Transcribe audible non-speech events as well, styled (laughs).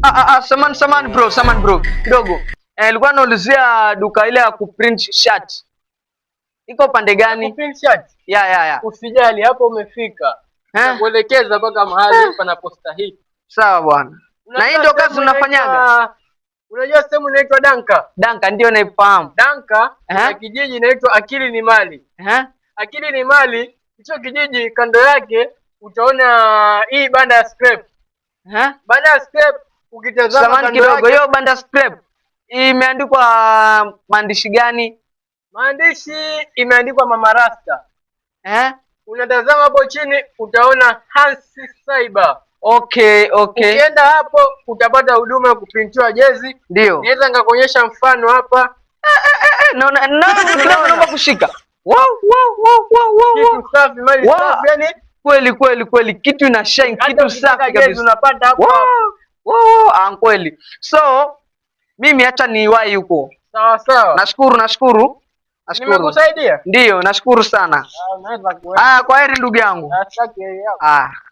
Ah, ah, ah, saman saman bro, saman bro kidogo. ilikuwa eh, naulizia duka ile ya kuprint shirt iko pande gani? Kuprint shirt ya ya ya, usijali, hapo umefika, eh? kuelekeza mpaka mahali eh? hii. Sawa bwana, na hii ndio kazi unafanyaga. Unajua sehemu inaitwa Danka. Danka ndio naifahamu. Danka eh? na kijiji inaitwa Akili ni Mali. Aha. Akili ni Mali, hicho kijiji kando yake utaona hii banda ya scrap. Aha. Banda ya scrap ukitazama kidogo hiyo banda scrap imeandikwa maandishi gani? Maandishi imeandikwa mama rasta eh? Unatazama hapo chini utaona Hansi Cyber. Okay, okay. Ukienda hapo utapata huduma ya kuprintiwa jezi. Ndio. Naweza ngakuonyesha mfano hapa. Eh, eh, eh, naona naona (laughs) naomba kushika. Wow, wow, wow, wow, wow. Kitu safi, mali safi yani. Kweli kweli kweli, kitu ina shine, kitu safi kabisa. Unapata hapo ankweli. So mimi hata wai huko. Sawa sawa. Nashukuru, nashukuru. Nashukuru. Nimekusaidia? Ndio, nashukuru sana. Ah, kwa heri ndugu yangu. Ah.